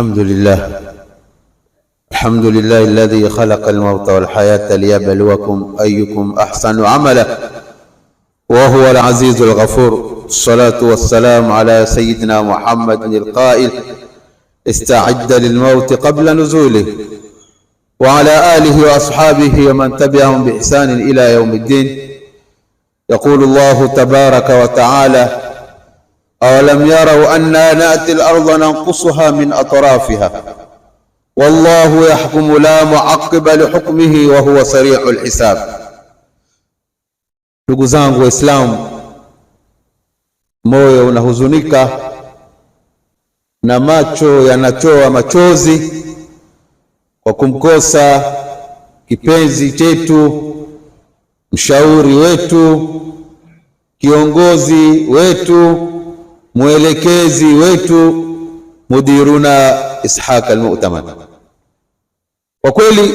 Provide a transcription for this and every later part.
الحمد لله الحمد لله الذي خلق الموت والحياة ليبلوكم أيكم أحسن عملا وهو العزيز الغفور الصلاة والسلام على سيدنا محمد القائل استعد للموت قبل نزوله وعلى آله وأصحابه ومن تبعهم بإحسان إلى يوم الدين يقول الله تبارك وتعالى awalam yarau anna nati larda nanqusuha min atrafiha wallahu yahkumu la muaqiba lihukmihi wa huwa sariu lhisab. Ndugu zangu Waislamu, moyo unahuzunika na macho yanatoa machozi kwa kumkosa kipenzi chetu, mshauri wetu, kiongozi wetu mwelekezi wetu mudiruna Ishaq al-Mu'taman. Kwa kweli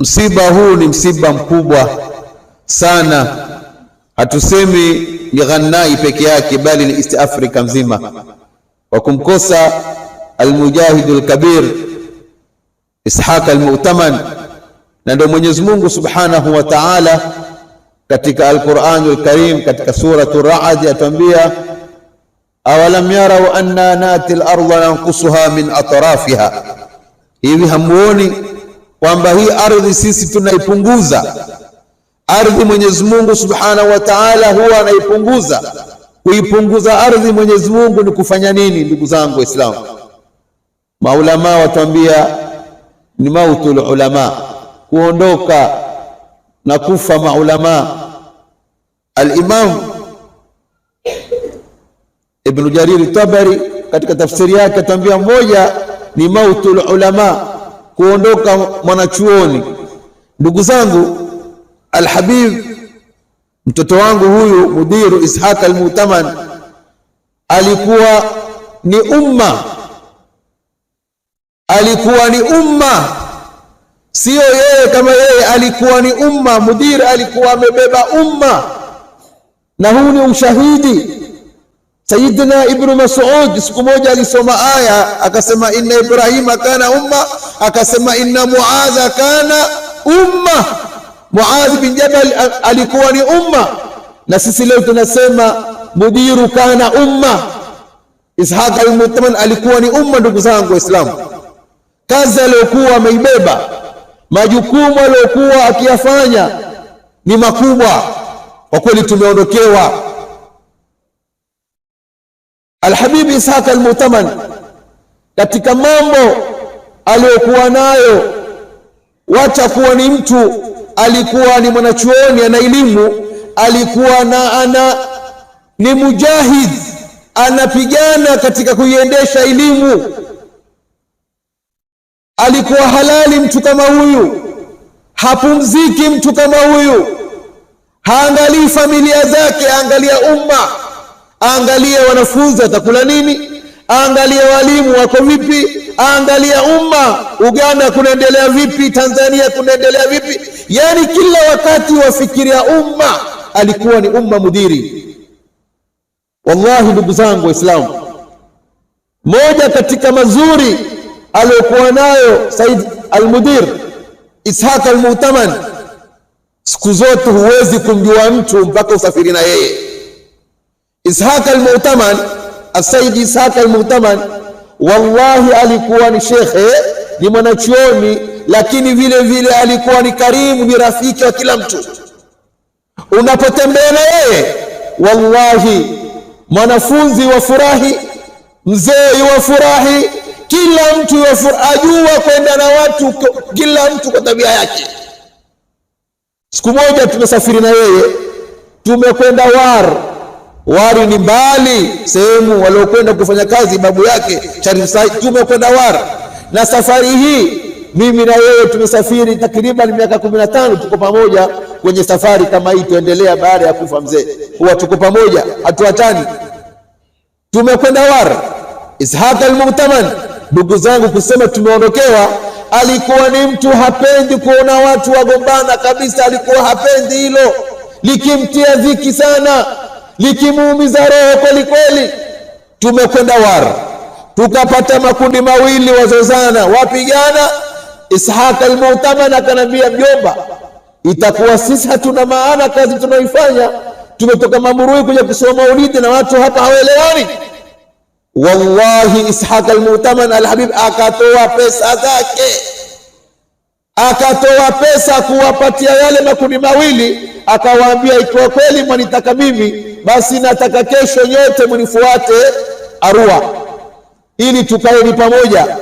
msiba huu ni msiba mkubwa sana, hatusemi ni Ghannai peke yake, bali ni East Africa mzima kwa kumkosa almujahid lkabir Ishaq al-Mu'taman. Na ndio Mwenyezi Mungu Subhanahu wa Ta'ala katika Al-Qur'anul Karim katika suratu Ra'd atambia awalam yarau anna nati larda nankusuha min atrafiha, hivi hamuoni kwamba hii ardhi sisi tunaipunguza ardhi. Mwenyezi Mungu subhanahu wa taala huwa anaipunguza. Kuipunguza ardhi Mwenyezi Mungu ni kufanya nini? Ndugu zangu Waislamu, maulamaa watuambia ni mautu ulama, kuondoka na kufa maulamaa. Alimamu Ibn Jarir Tabari katika tafsiri yake atambia, moja ni mautul ulama, kuondoka mwanachuoni. Ndugu zangu, Alhabib mtoto wangu huyu mudiru Ishaq Almutaman alikuwa ni umma, alikuwa ni umma, sio yeye kama yeye, alikuwa ni umma. mudiri alikuwa amebeba umma, na huu ni ushahidi Sayyidina Ibnu Mas'ud siku moja alisoma aya akasema, inna Ibrahima kana umma, akasema inna Muadha kana umma, Muadh bin Jabal alikuwa ni umma. Na sisi leo tunasema mudiru kana umma, Ishaq al mutman alikuwa ni umma. Ndugu zangu Waislamu, kazi aliyokuwa ameibeba, majukumu aliyokuwa akiyafanya ni makubwa kwa kweli, tumeondokewa Alhabibu Ishaq Almutaman katika mambo aliyokuwa nayo, wacha kuwa ni mtu alikuwa ni mwanachuoni, ana elimu, alikuwa na ana ni mujahid, anapigana katika kuiendesha elimu. Alikuwa halali mtu kama huyu, hapumziki mtu kama huyu, haangalii familia zake, angalia umma aangalie wanafunzi watakula nini, aangalie walimu wako vipi, aangalia umma Uganda kunaendelea vipi, Tanzania kunaendelea vipi. Yani kila wakati wafikiria umma, alikuwa ni umma mudhiri. Wallahi ndugu zangu Waislamu, moja katika mazuri aliyokuwa nayo Said almudir Ishaq Almutaman, siku zote huwezi kumjua mtu mpaka usafiri na yeye Ishaq al-Mu'taman Asaidi Ishaq al-Mu'taman wallahi, alikuwa ni shekhe, ni mwanachuoni, lakini vile vile alikuwa ni karimu, ni rafiki wa kila mtu. Unapotembea na yeye, wallahi, mwanafunzi furahi mzee furahi kila mtu ajua kwenda na watu, kila mtu kwa tabia yake. Siku moja tumesafiri na yeye, tumekwenda War Waru ni mbali, sehemu waliokwenda kufanya kazi babu yake Charisai, tumekwenda Juma kwenda Na safari hii mimi na wewe tumesafiri takriban miaka kumi na tano, tuko pamoja kwenye safari kama hii, tuendelea baada ya kufa mzee, huwa tuko pamoja, hatuachani. Tumekwenda war Ishaq al-Mu'taman, ndugu zangu, kusema tumeondokewa alikuwa ni mtu hapendi kuona watu wagombana kabisa, alikuwa hapendi hilo, likimtia dhiki sana likimuumiza roho kweli kweli. Tumekwenda war tukapata makundi mawili wazozana, wapigana. Ishaq al-Mu'taman akanambia mjomba, itakuwa sisi hatuna maana kazi tunaoifanya, tumetoka Mamurui kuja kusoma maulidi na watu hapa hawaelewani. Wallahi, Ishaq al alhabib al-Habib akatoa pesa zake akatoa pesa kuwapatia yale makundi mawili, akawaambia ikiwa kweli mwanitaka mimi, basi nataka kesho nyote mnifuate Arua ili tukawe ni pamoja.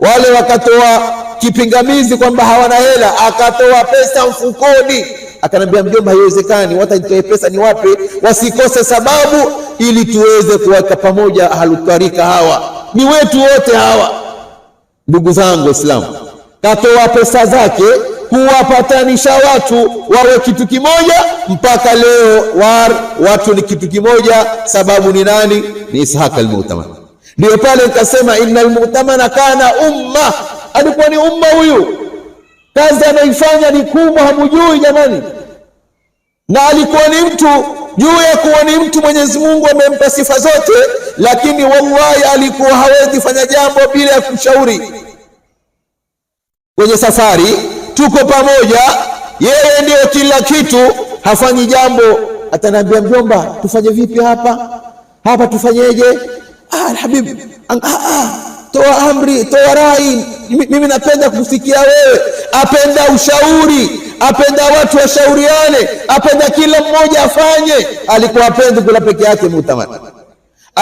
Wale wakatoa kipingamizi kwamba hawana hela, akatoa pesa mfukoni, akanambia mjomba, haiwezekani, watanitoe pesa ni wape, wasikose sababu ili tuweze kuwaka pamoja ahlutarika. Hawa ni wetu wote hawa, ndugu zangu Waislamu katoa pesa zake kuwapatanisha watu wawe kitu kimoja. Mpaka leo war watu ni kitu kimoja, sababu ni nani? Ni Ishaq al-Mu'taman. Ndio pale nikasema inna al kana umma, alikuwa ni umma. Huyu kazi anaifanya ni kubwa, hamujui jamani, na alikuwa ni mtu juu ya kuwa ni mtu Mwenyezi Mungu amempa sifa zote, lakini wallahi alikuwa hawezi fanya jambo bila ya kumshauri kwenye safari, tuko pamoja, yeye ndio kila kitu, hafanyi jambo. Ataniambia mjomba, tufanye vipi hapa hapa, tufanyeje? Ah, alhabibi, ah, ah, toa amri, toa rai, mimi napenda kusikia wewe. Apenda ushauri, apenda watu washauriane, apenda kila mmoja afanye. Alikuwa apendi kula peke yake mutamani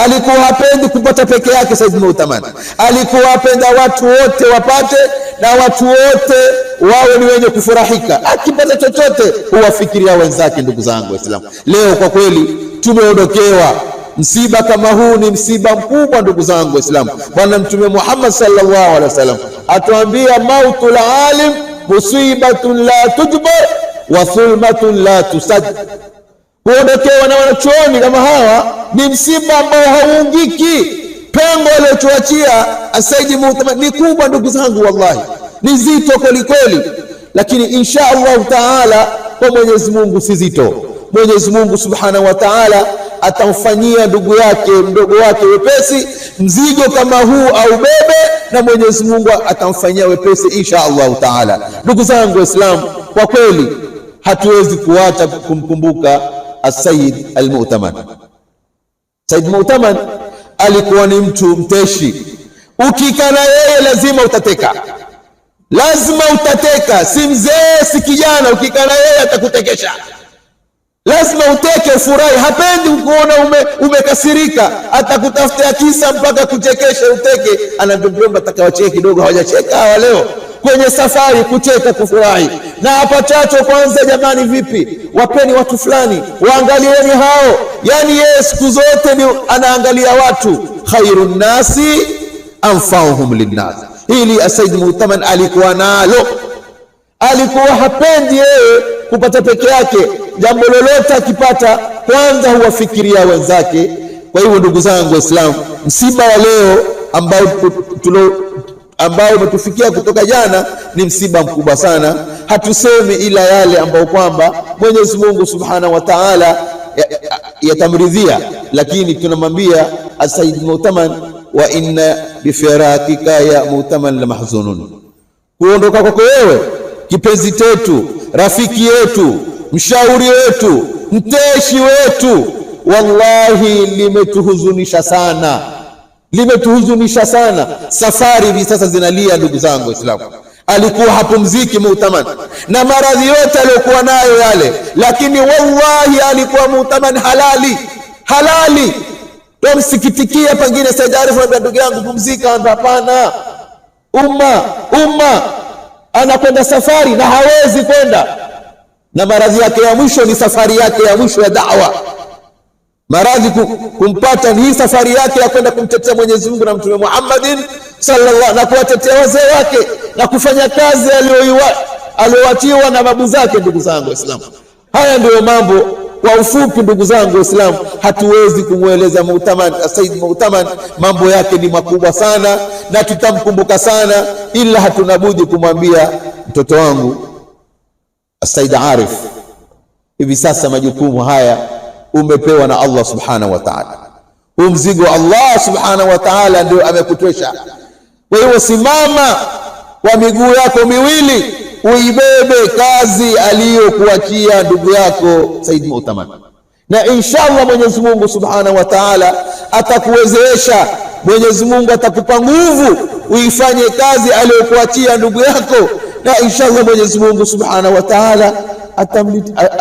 Alikuwa hapendi kupata peke yake. Saidina Uthman alikuwa apenda watu wote wapate na watu wote wawe ni wenye kufurahika. Akipata chochote huwafikiria wenzake. Ndugu zangu Waislamu, leo kwa kweli tumeondokewa msiba kama huu. Ni msiba mkubwa, ndugu zangu Waislamu. Bwana Mtume Muhammad sallallahu alaihi wasallam atuambia, mautul alim musibatun la tujbar wa thulmatun la tusad Kuondokewa na wanachuoni kama hawa ni msiba ambao hauungiki. Pengo aliyotuachia Asaidi muhtama ni kubwa, ndugu zangu, wallahi ni zito kwelikweli, lakini insha Allahu taala kwa Mwenyezi Mungu si zito. Mwenyezi Mungu subhanahu wa taala atamfanyia ndugu yake mdogo wake wepesi mzigo kama huu au bebe, na Mwenyezi Mungu atamfanyia wepesi insha Allahu taala. Ndugu zangu Waislamu, kwa kweli hatuwezi kuacha kumkumbuka Asayid Almutaman. Said Mutaman alikuwa ni mtu mteshi, ukikana yeye lazima utateka, lazima utateka. Si mzee si kijana, ukikana yeye atakutekesha, lazima uteke, ufurahi. Hapendi kuona umekasirika, ume atakutafutia kisa mpaka kuchekesha, uteke. Anadogomba atakawacheka kidogo, hawajacheka hawa leo kwenye safari, kucheka kufurahi na hapa kwanza, jamani, vipi? Wapeni watu fulani, waangalieni hao. yani yeye siku zote ni anaangalia watu, khairun nasi anfauhum linnas. Hili Asaid Mutaman alikuwa nalo, alikuwa hapendi yeye kupata peke yake. Jambo lolote akipata, kwanza huwafikiria wenzake. Kwa hivyo, ndugu zangu Waislamu, msiba wa leo ambao ambayo umetufikia kutoka jana ni msiba mkubwa sana. Hatusemi ila yale ambayo kwamba Mwenyezi Mungu Subhanahu wa Ta'ala yatamridhia ya, ya lakini tunamwambia asaid mutaman wa inna bifirakika ya mutaman la mahzunun, kuondoka kwako wewe kipenzi chetu, rafiki yetu, mshauri wetu, mteshi wetu, wallahi limetuhuzunisha sana limetuhuzunisha sana. Safari hivi sasa zinalia, ndugu zangu Waislamu. Alikuwa hapumziki Mu'taman na maradhi yote aliyokuwa nayo yale, lakini wallahi alikuwa Mu'taman halali halali. Twamsikitikia pengine Said Arif ndugu yangu pumzika, amba hapana, umma umma anakwenda safari na hawezi kwenda, na maradhi yake ya mwisho ni safari yake ya mwisho ya da'wa Maradhi kumpata ni hii safari yake ya kwenda kumtetea Mwenyezi Mungu na Mtume Muhammadin sallallahu na kuwatetea wazee wake na kufanya kazi aliyowachiwa na babu zake. Ndugu zangu Waislamu, haya ndiyo mambo kwa ufupi. Ndugu zangu Waislamu, hatuwezi kumweleza Mu'taman Said muhtaman mambo yake ni makubwa sana na tutamkumbuka sana, ila hatuna budi kumwambia mtoto wangu Said Arif, hivi sasa majukumu haya umepewa na Allah subhanahu wa ta'ala. Huu mzigo Allah subhanahu wa ta'ala ndio amekutosha. Kwa hiyo simama kwa miguu yako miwili uibebe kazi aliyokuachia ndugu yako Said Mu'tamar, na inshallah Mwenyezi Mungu subhanahu wa ta'ala atakuwezesha. Mwenyezi Mungu atakupa nguvu uifanye kazi aliyokuachia ndugu yako, na inshallah Mwenyezi Mungu subhanahu wa ta'ala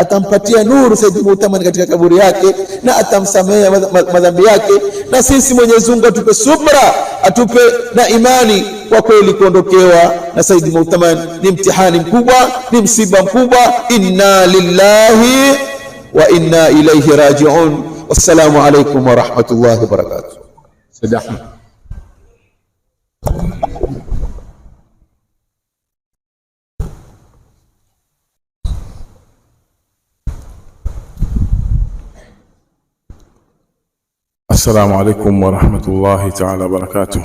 atampatia nuru Said Mutamani katika kaburi yake na atamsamehe madhambi yake. Na sisi Mwenyezi Mungu atupe subra, atupe na imani. Kwa kweli kuondokewa na Said Mutamani ni mtihani mkubwa, ni msiba mkubwa. Inna lillahi wa inna ilaihi rajiun. Wassalamu alaikum warahmatullahi wabarakatuh. السلام عليكم ورحمة الله تعالى وبركاته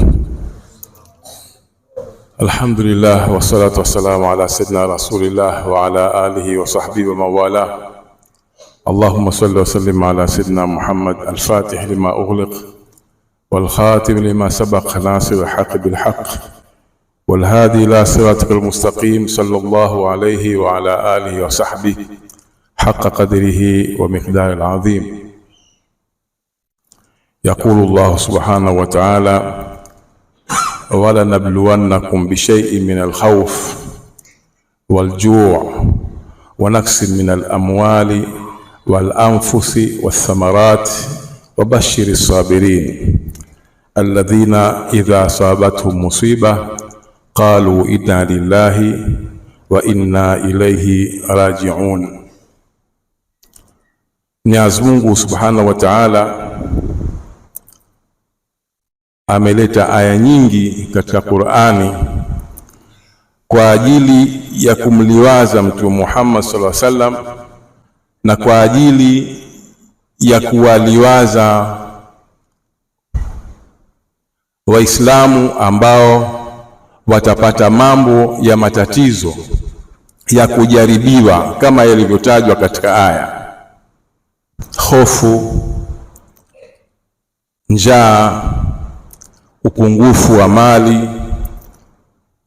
الحمد لله والصلاة والسلام على سيدنا رسول الله وعلى آله وصحبه وموالاه والاه اللهم صل وسلم على سيدنا محمد الفاتح لما أغلق والخاتم لما سبق ناصر الحق بالحق والهادي إلى صراطك المستقيم صلى الله عليه وعلى آله وصحبه حق قدره ومقدار العظيم يقول الله سبحانه وتعالى ولنبلونكم بشيء من الخوف والجوع ونقص من الأموال والأنفس والثمرات وبشر الصابرين الذين إذا أصابتهم مصيبة قالوا إنا لله وإنا إليه راجعون نعزمه سبحانه وتعالى ameleta aya nyingi katika Qur'ani kwa ajili ya kumliwaza Mtume Muhammad sallallahu alaihi wasallam na kwa ajili ya kuwaliwaza Waislamu ambao watapata mambo ya matatizo ya kujaribiwa kama yalivyotajwa katika aya: hofu, njaa upungufu wa mali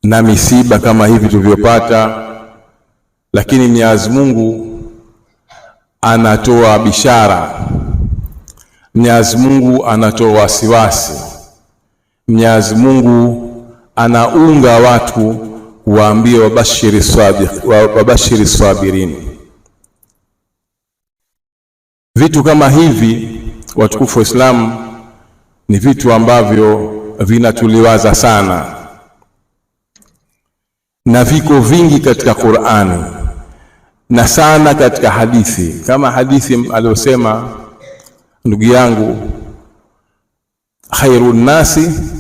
na misiba kama hivi tulivyopata, lakini Mwenyezi Mungu anatoa bishara, Mwenyezi Mungu anatoa wasiwasi, Mwenyezi Mungu anaunga watu waambie wabashiri sadiq, wabashiri sabirini. Vitu kama hivi watukufu wa Islamu ni vitu ambavyo vinatuliwaza sana na viko vingi katika Qur'ani na sana katika hadithi, kama hadithi aliyosema ndugu yangu, khairu amfauhum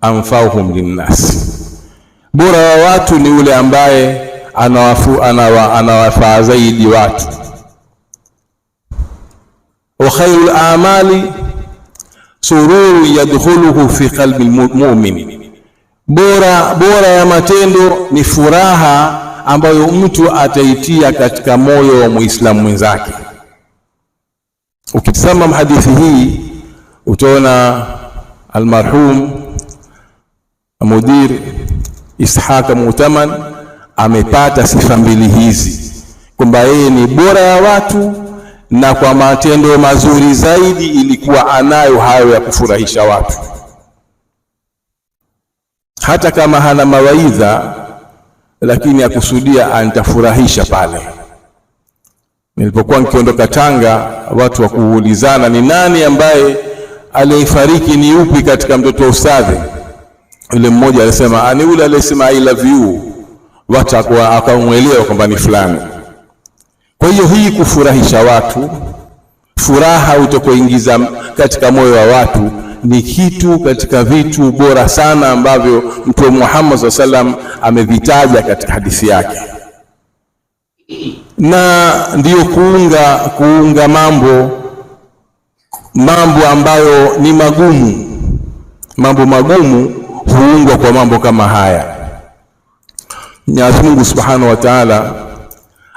anfauhum linnasi, bora wa watu ni ule ambaye anawafu, anawa, anawafaa zaidi watu. Wa khairul amali sururu yadkhuluhu fi qalbi almu'min, bora bora ya matendo ni furaha ambayo mtu ataitia katika moyo wa muislamu mwenzake. Ukitazama hadithi hii utaona almarhum mudir Ishaq Mutaman amepata sifa mbili hizi, kwamba yeye ni bora ya watu na kwa matendo mazuri zaidi, ilikuwa anayo hayo ya kufurahisha watu. Hata kama hana mawaidha, lakini akusudia antafurahisha pale. Nilipokuwa nikiondoka Tanga, watu wa kuulizana ni nani ambaye aliyefariki ni upi katika mtoto wa ustadhi. Yule mmoja alisema ah, ni yule aliyesema I love you, watu akamwelewa kwamba ni fulani kwa hiyo hii kufurahisha watu, furaha utakoingiza katika moyo wa watu ni kitu katika vitu bora sana ambavyo Mtume Muhammad saa salam amevitaja katika hadithi yake, na ndiyo kuunga kuunga mambo mambo ambayo ni magumu. Mambo magumu huungwa kwa mambo kama haya. Mwenyezi Mungu subhanahu wa taala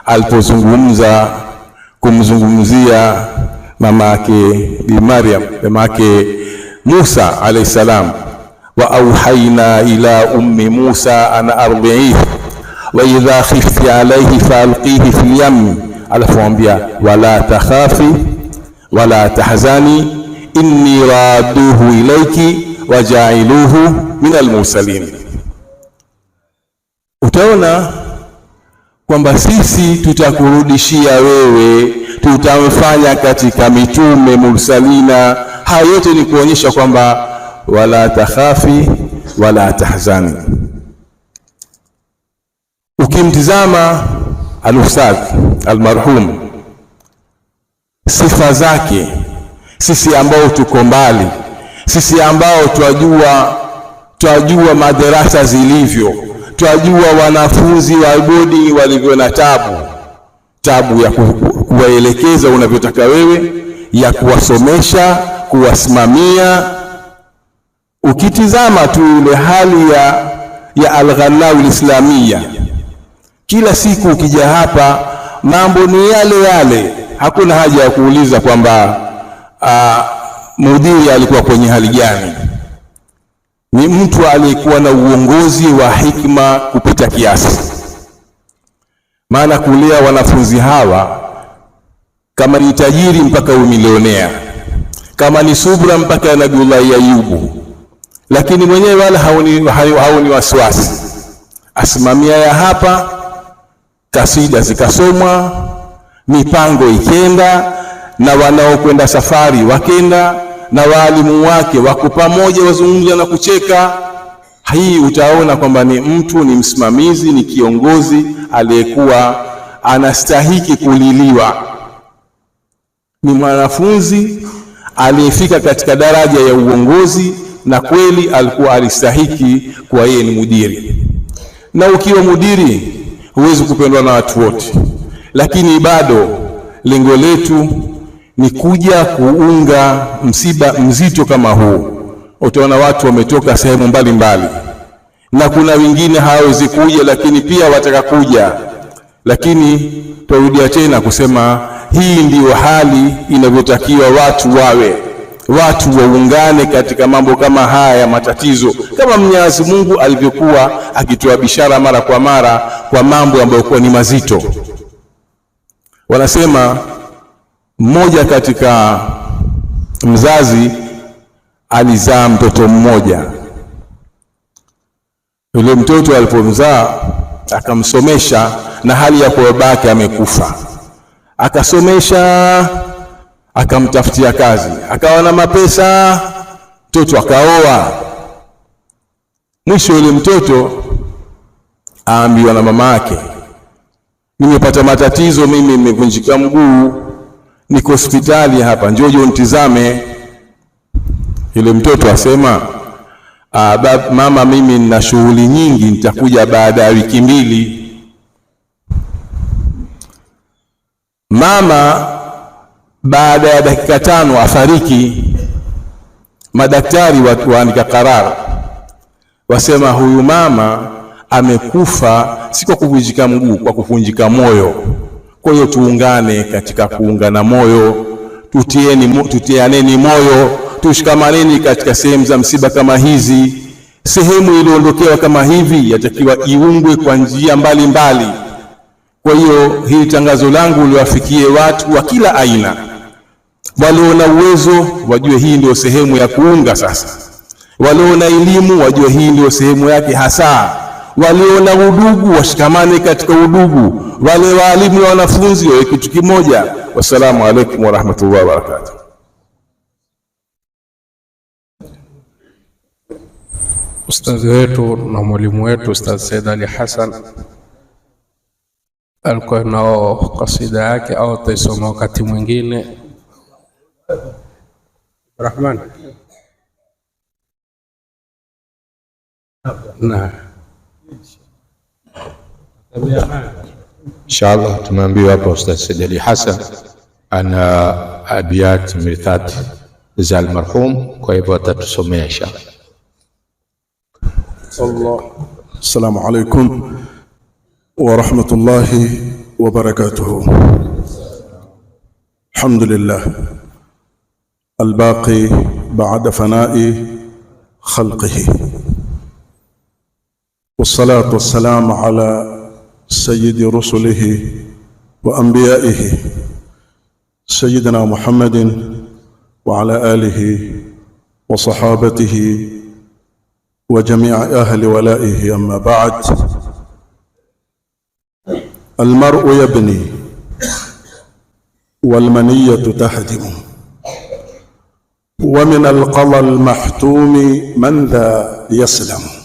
alipozungumza kumzungumzia mama yake Bi Maryam, mama yake Musa alayhi salam, wa auhaina ila ummi Musa an ardiihi wa idha khifti alayhi faalqihi fil yam, alafwambia wala takhafi wala tahzani inni raduhu ilaiki wajailuhu min almursalin. Utaona kwamba sisi tutakurudishia wewe, tutamfanya katika mitume mursalina. Haya yote ni kuonyesha kwamba wala takhafi wala tahzani. Ukimtizama alustadh almarhum, sifa zake, sisi ambao tuko mbali, sisi ambao twajua twajua madarasa zilivyo twajua wanafunzi wa bodi walivyo na tabu tabu ya kuwaelekeza unavyotaka wewe, ya kuwasomesha, kuwasimamia. Ukitizama tu ile hali ya, ya Alghalau Lislamia, kila siku ukija hapa mambo ni yale yale, hakuna haja ya kuuliza kwamba ah, mudhiri alikuwa kwenye hali gani ni mtu aliyekuwa na uongozi wa hikma kupita kiasi. Maana kulea wanafunzi hawa kama ni tajiri mpaka umilionea, kama ni subra mpaka Nabiullahi Ayubu, lakini mwenyewe wala hauni, hauni wasiwasi. Asimamia ya hapa, kasida zikasomwa, mipango ikenda, na wanaokwenda safari wakenda na waalimu wake wako pamoja, wazungumza na kucheka. Hii utaona kwamba ni mtu, ni msimamizi, ni kiongozi aliyekuwa anastahiki kuliliwa. Ni mwanafunzi aliyefika katika daraja ya uongozi, na kweli alikuwa alistahiki kuwa yeye ni mudiri. Na ukiwa mudiri huwezi kupendwa na watu wote, lakini bado lengo letu ni kuja kuunga msiba mzito kama huu. Utaona watu wametoka sehemu mbalimbali, na kuna wengine hawawezi kuja, lakini pia wataka kuja. Lakini twarudia tena kusema hii ndiyo hali inavyotakiwa watu wawe, watu waungane katika mambo kama haya ya matatizo, kama Mwenyezi Mungu alivyokuwa akitoa bishara mara kwa mara kwa mambo ambayo kuwa ni mazito, wanasema mmoja katika mzazi alizaa mtoto mmoja. Yule mtoto alipomzaa akamsomesha, na hali ya kuwa babake amekufa, akasomesha, akamtafutia kazi, akawa na mapesa, mtoto akaoa. Mwisho yule mtoto aambiwa na mama yake, nimepata matatizo mimi, nimevunjika mguu niko hospitali hapa, njojo nitizame. Yule mtoto asema ah, mama, mimi nina shughuli nyingi, nitakuja baada ya wiki mbili. Mama baada ya dakika tano afariki. Madaktari waandika karara, wasema huyu mama amekufa si kwa kuvunjika mguu, kwa kuvunjika moyo. Kwa hiyo tuungane katika kuungana moyo, tutieni, tutianeni moyo, tushikamaneni katika sehemu za msiba kama hizi. Sehemu iliondokewa kama hivi yatakiwa iungwe kwa njia mbalimbali. Kwa hiyo hili tangazo langu liwafikie watu wa kila aina, waliona uwezo wajue hii ndio sehemu ya kuunga sasa, waliona elimu wajue hii ndio sehemu yake hasa walio na udugu washikamane katika udugu, wale waalimu na wanafunzi wawe kitu kimoja. Wassalamu alaikum warahmatullahi wabarakatuh. Ustadhi wetu na mwalimu wetu Ustadh Said Ali Hassan alikuwa nao kasida yake au ataisoma wakati mwingine. Rahman na ان شاء الله تمام بيها بوستس اللي حسن انا ابيات ميثات زال المرحوم كويبو تسمي ان شاء الله السلام عليكم ورحمة الله وبركاته الحمد لله الباقي بعد فناء خلقه والصلاة والسلام على سيد رسله وأنبيائه سيدنا محمد وعلى آله وصحابته وجميع أهل ولائه أما بعد المرء يبني والمنية تهدم ومن القضى المحتوم من ذا يسلم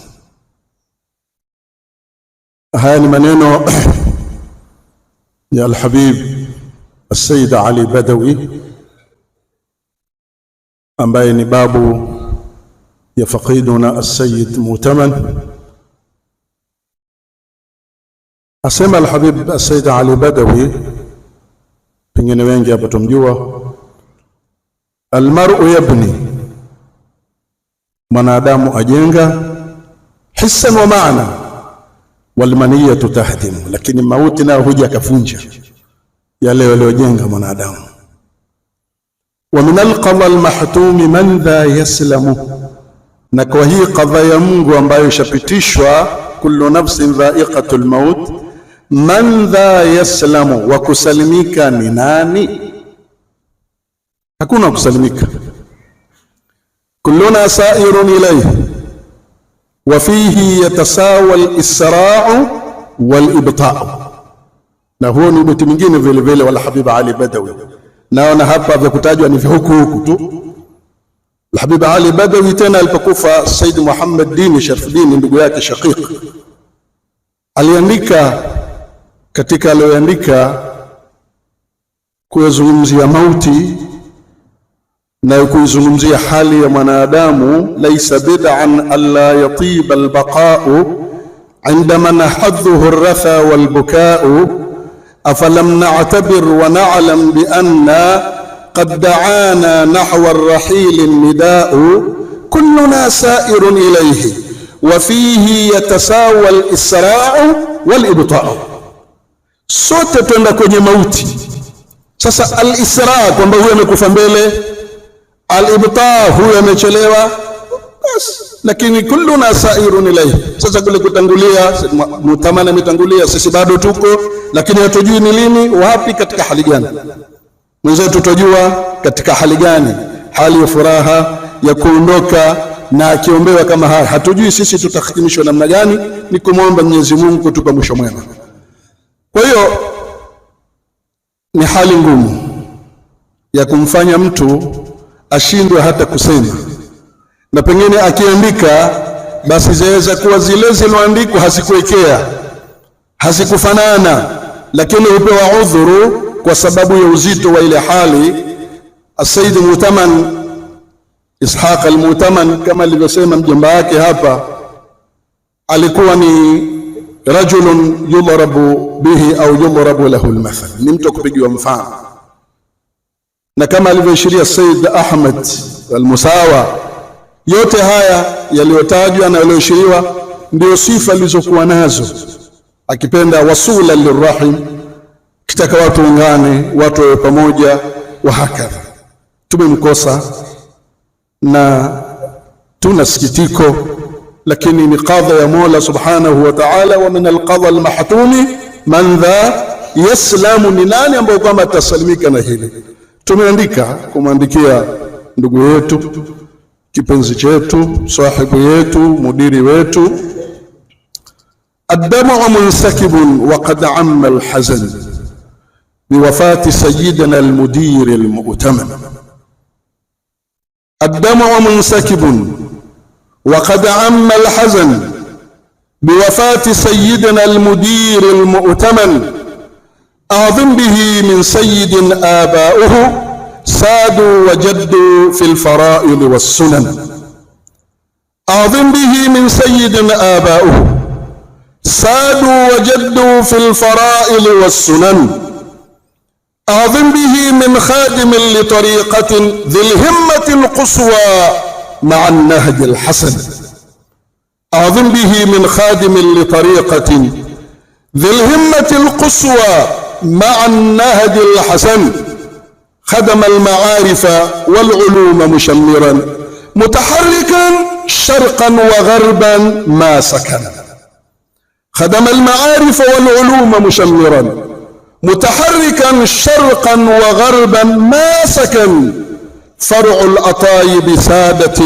Haya ni maneno ya Alhabib Assaid Ali Badawi ambaye ni babu ya faqiduna Assayid Mutaman. Asema Alhabib Assaid Ali Badawi, pengine wengi hapa tumjua, almaru yabni, mwanadamu ajenga hisan wa maana walmaniyatu tahdimu lakini mauti nayo huja akafunja yale yaliyojenga mwanadamu. Wa min alqadha almahtumi man dha yaslamu, na kwa hii qadha ya Mungu ambayo ishapitishwa, kullu nafsin dha'iqatu almaut, man dha yaslamu, wa kusalimika ni nani? Hakuna kusalimika, kulluna sa'irun ilayhi وفيه يتساوى الإسراع والإبطاء نهون بتمجين في ولا حبيب علي بدوي نهون هابا في كتاج أن في الحبيب علي بدوي تنا الفكوفة سيد محمد ديني شرف ديني من بقياك شقيق aliandika katika aliyoandika kuyazungumzia موتي na kuizungumzia hali ya mwanadamu, laisa bid'an alla yatib albaqa'u indama nahadhuhu arratha walbuka'u afalam na'tabir wa na'lam bi anna qad da'ana nahwa arrahil nida'u kulluna sa'irun ilayhi wa fihi yatasawa alisra'u walibta'u, sote twenda kwenye mauti. Sasa alisra kwamba huyo amekufa mbele alibta huyo amechelewa bas lakini kulluna sairun ilayhi. Sasa kule kutangulia, mutamana ametangulia, sisi bado tuko, lakini hatujui ni lini, wapi, katika hali gani. Mwenzetu tutajua katika hali gani, hali ya furaha ya kuondoka na akiombewa kama haya, hatujui sisi tutahitimishwa namna gani. Ni kumwomba Mwenyezi Mungu kutupa mwisho mwema. Kwa hiyo ni hali ngumu ya kumfanya mtu ashindwe hata kusema, na pengine akiandika basi zaweza kuwa zile ziloandikwa hazikuwekea, hazikufanana, lakini hupewa udhuru kwa sababu ya uzito wa ile hali. Asaidi Mutaman Ishaq Almutaman, kama alivyosema mjomba wake hapa, alikuwa ni rajulun yudhrabu bihi au yudhrabu lahu almathal, ni mtu kupigiwa mfano na kama alivyoashiria Said ahmed al-Musawa, yote haya yaliyotajwa na yaliyoashiriwa ndio sifa alizokuwa nazo, akipenda wasula lirrahim, kitaka watu ungane, watu wawe pamoja, wa hakadha. Tumemkosa na tuna sikitiko, lakini ni qadha ya Mola subhanahu wa ta'ala. wa min alqadha almahtumi man dha yaslamu, ni nani ambayo kwamba atasalimika na hili Tumeandika kumwandikia ndugu yetu kipenzi chetu sahibu yetu mudiri wetu, addamu munsakibun wa qad amma alhazan biwafati sayidina almudir almu'taman, addamu munsakibun wa qad amma alhazan biwafati sayidina almudir almu'taman أعظم به من سيد آباؤه سادوا وجدوا في الفرائض والسنن أعظم به من سيد آباؤه سادوا وجدوا في الفرائض والسنن أعظم به من خادم لطريقة ذي الهمة القصوى مع النهج الحسن أعظم به من خادم لطريقة ذي الهمة القصوى مع النهج الحسن خدم المعارف والعلوم مشمرا متحركا شرقا وغربا ما سكن خدم المعارف والعلوم مشمرا متحركا شرقا وغربا ما سكن فرع الأطايب سادة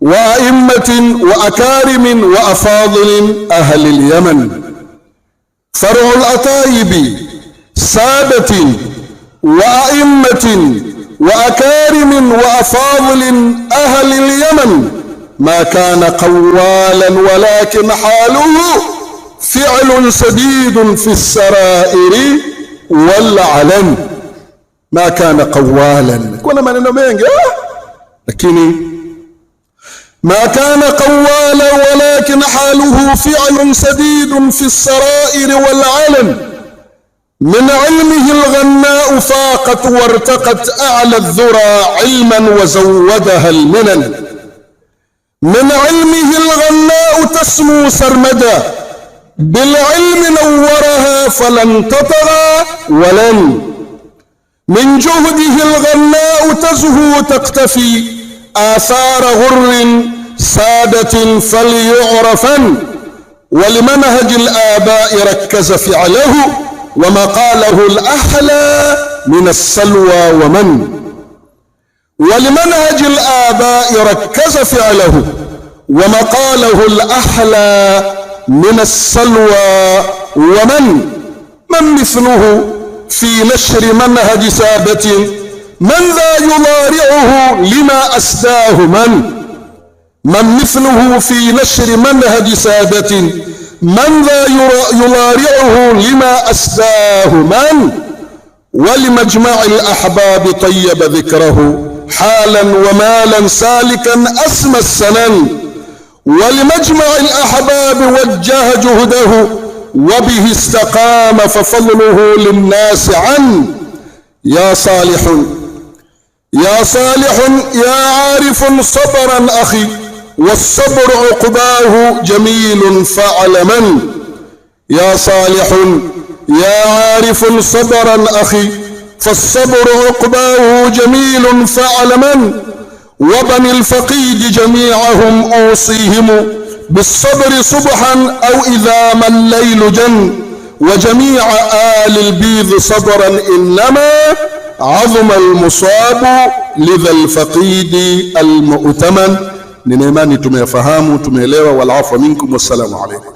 وأئمة وأكارم وأفاضل أهل اليمن فرع الأطايب سادة وأئمة وأكارم وأفاضل أهل اليمن ما كان قوالا ولكن حاله فعل سديد في السرائر والعلن ما كان قوالا kuna maneno mengi لكني ما كان قوالا ولكن حاله فعل سديد في السرائر والعلن من علمه الغناء فاقت وارتقت أعلى الذرى علما وزودها المنن من علمه الغناء تسمو سرمدا بالعلم نورها فلن تطغى ولن من جهده الغناء تزهو تقتفي آثار غر سادة فليعرفن ولمنهج الآباء ركز فعله وما قاله الأحلى من السلوى ومن ولمنهج الآباء ركز فعله وما قاله الأحلى من السلوى ومن من مثله في نشر منهج ثابت من ذا يضارعه لما أسداه من من مثله في نشر منهج ثابت من ذا يلارعه لما أسداه من ولمجمع الأحباب طيب ذكره حالا ومالا سالكا أسمى السنن ولمجمع الأحباب وجه جهده وبه استقام ففضله للناس عن يا صالح يا صالح يا عارف صبرا أخي والصبر عقباه جميل فاعلمن يا صالح يا عارف صبرا أخي فالصبر عقباه جميل فاعلمن وبني الفقيد جميعهم أوصيهم بالصبر صبحا أو إذا ما الليل جن وجميع آل البيض صبرا إنما عظم المصاب لذا الفقيد المؤتمن Nina imani tumeyafahamu, tumeelewa. Wal afwa minkum, wassalamu alaykum.